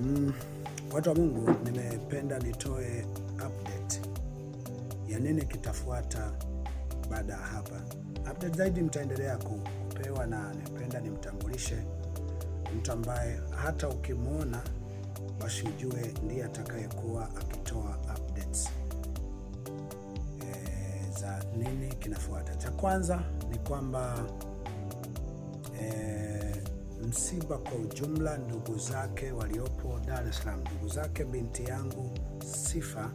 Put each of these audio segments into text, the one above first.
Mm, watu wa Mungu, nimependa nitoe update ya nini kitafuata baada ya hapa. Update zaidi mtaendelea kupewa, na nipenda nimtambulishe mtu ambaye hata ukimwona basi ujue ndiye atakayekuwa akitoa updates e, za nini kinafuata. Cha kwanza ni kwamba Msiba kwa ujumla, ndugu zake waliopo Dar es Salaam, ndugu zake binti yangu Sifa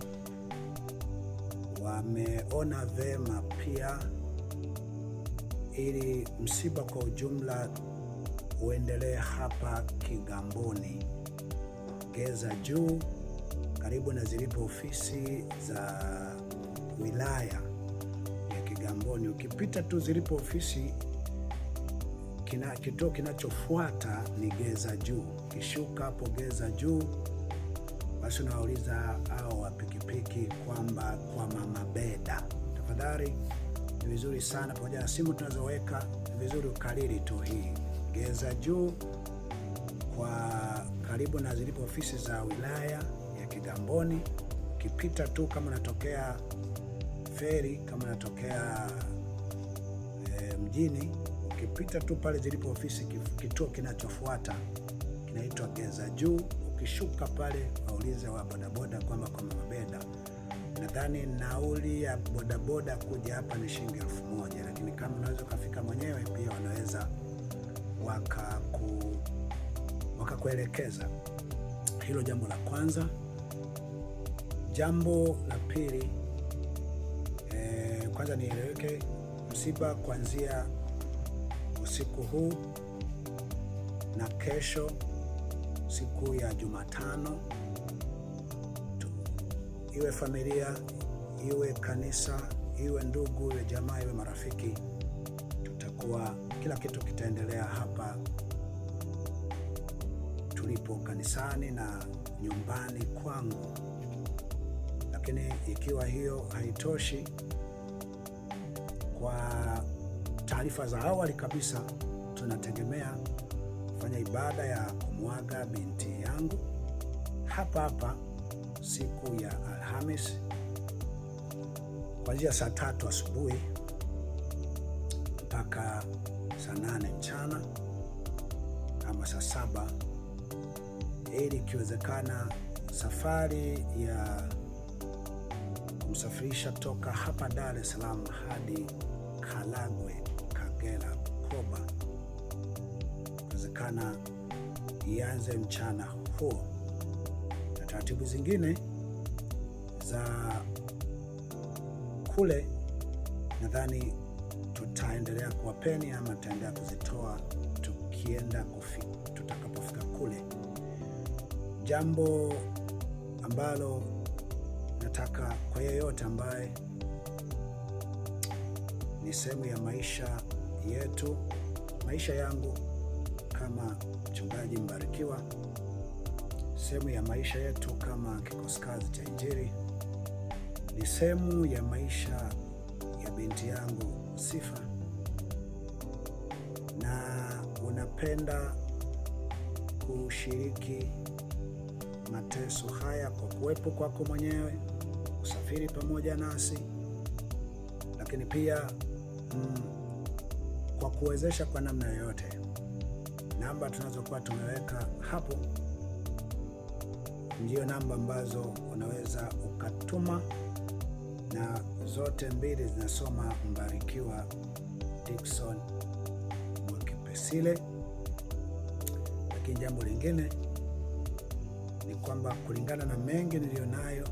wameona vema pia, ili msiba kwa ujumla uendelee hapa Kigamboni, Geza Juu, karibu na zilipo ofisi za wilaya ya Kigamboni. Ukipita tu zilipo ofisi kina, kituo kinachofuata ni Geza Juu. Kishuka hapo Geza Juu, basi unawauliza hao wa pikipiki kwamba kwa mama Beda, tafadhali ni vizuri sana, pamoja na simu tunazoweka ni vizuri ukariri tu hii Geza Juu kwa karibu na zilipo ofisi za wilaya ya Kigamboni. Ukipita tu kama unatokea feri, kama unatokea e, mjini ukipita tu pale zilipo ofisi, kituo kinachofuata kinaitwa Keza Juu. Ukishuka pale, waulize wa bodaboda kwamba kwa mabeda, nadhani nauli ya bodaboda kuja hapa ni shilingi elfu moja, lakini kama unaweza ukafika mwenyewe pia wanaweza wakaku wakakuelekeza. Hilo jambo la kwanza. Jambo la pili, eh, kwanza nieleweke, msiba kuanzia usiku huu na kesho siku ya Jumatano tu, iwe familia, iwe kanisa, iwe ndugu, iwe jamaa, iwe marafiki, tutakuwa kila kitu kitaendelea hapa tulipo kanisani na nyumbani kwangu. Lakini ikiwa hiyo haitoshi kwa taarifa za awali kabisa, tunategemea kufanya ibada ya kumwaga binti yangu hapa hapa siku ya alhamis kuanzia saa tatu asubuhi mpaka saa nane mchana ama saa saba ili ikiwezekana safari ya kumsafirisha toka hapa Dar es Salaam hadi Karagwe Kagera Bukoba, inawezekana ianze mchana huo, na taratibu zingine za kule nadhani tutaendelea kuwapeni ama tutaendelea kuzitoa tukienda tutakapofika kule. Jambo ambalo nataka kwa yeyote ambaye ni sehemu ya maisha yetu, maisha yangu kama mchungaji Mbarikiwa, sehemu ya maisha yetu kama kikosi kazi cha Injili, ni sehemu ya maisha ya binti yangu Sifa, na unapenda kushiriki mateso haya kwa kuwepo kwako mwenyewe, usafiri pamoja nasi, lakini pia mm, kwa kuwezesha kwa namna yoyote. Namba tunazokuwa tumeweka hapo ndio namba ambazo unaweza ukatuma, na zote mbili zinasoma Mbarikiwa Dickson Mwakipesile. Lakini jambo lingine ni kwamba kulingana na mengi niliyonayo,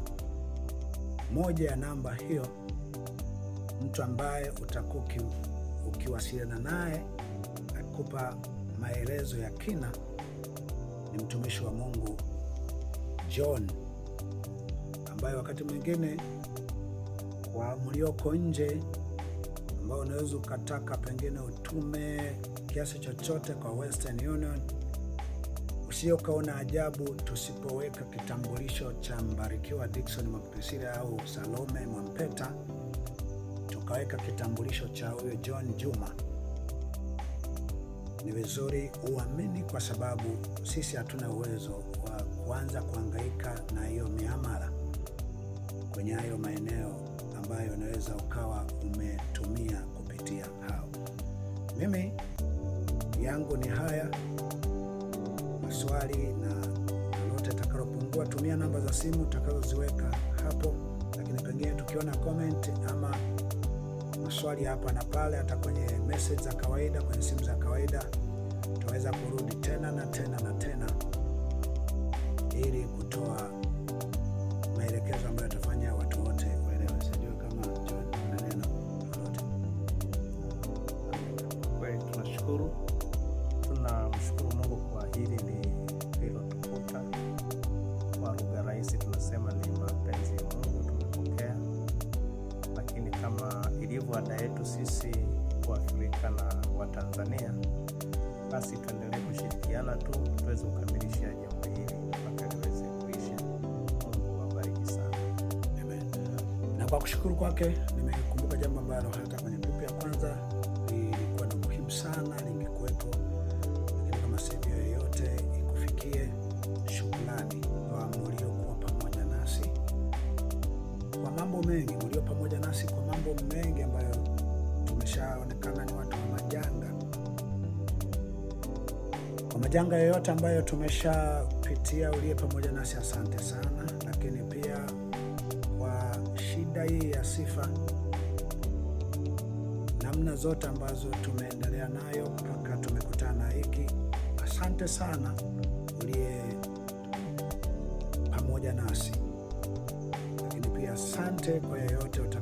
moja ya namba hiyo, mtu ambaye utakuwa ukiwasiliana naye akupa maelezo ya kina. Ni mtumishi wa Mungu John, ambaye wakati mwingine kwa mlioko nje, ambao unaweza ukataka pengine utume kiasi chochote kwa Western Union, usio ukaona ajabu tusipoweka kitambulisho cha Mbarikiwa Dickson Mwabukusilia au Salome Mwampeta ukaweka kitambulisho cha huyo John Juma, ni vizuri uamini, kwa sababu sisi hatuna uwezo wa kuanza kuhangaika na hiyo miamala kwenye hayo maeneo ambayo unaweza ukawa umetumia kupitia hao. Mimi yangu ni haya maswali na lolote takalopungua, tumia namba za simu utakazoziweka hapo, lakini pengine tukiona comment ama maswali hapa na pale, hata kwenye message za kawaida, kwenye simu za kawaida, tunaweza kurudi tena na tena na tena ili kutoa maelekezo ambayo yatafanya watu wote waelewe. Sijui kama neno lolote. tunashukuru, tunamshukuru Mungu kwa hili yetu sisi Waafrika na Watanzania, basi tuendelee kushirikiana tu tuweze kukamilisha jambo hili mpaka liweze kuisha. Mungu awabariki sana. Amen. Na kwa kushukuru kwake nimekumbuka jambo ambalo hata kwenye grupu ya kwanza lilikuwa ni muhimu sana lingekuwepo, lakini kama sehemu yoyote ikufikie, shukrani kwa mliokuwa pamoja nasi kwa mambo mengi, mlio pamoja nasi kwa mambo mengi ambayo tumeshaonekana ni watu wa majanga. Kwa majanga yoyote ambayo tumeshapitia, uliye pamoja nasi, asante sana. Lakini pia kwa shida hii ya sifa, namna zote ambazo tumeendelea nayo mpaka tumekutana hiki, asante sana uliye pamoja nasi, lakini pia asante kwa yoyote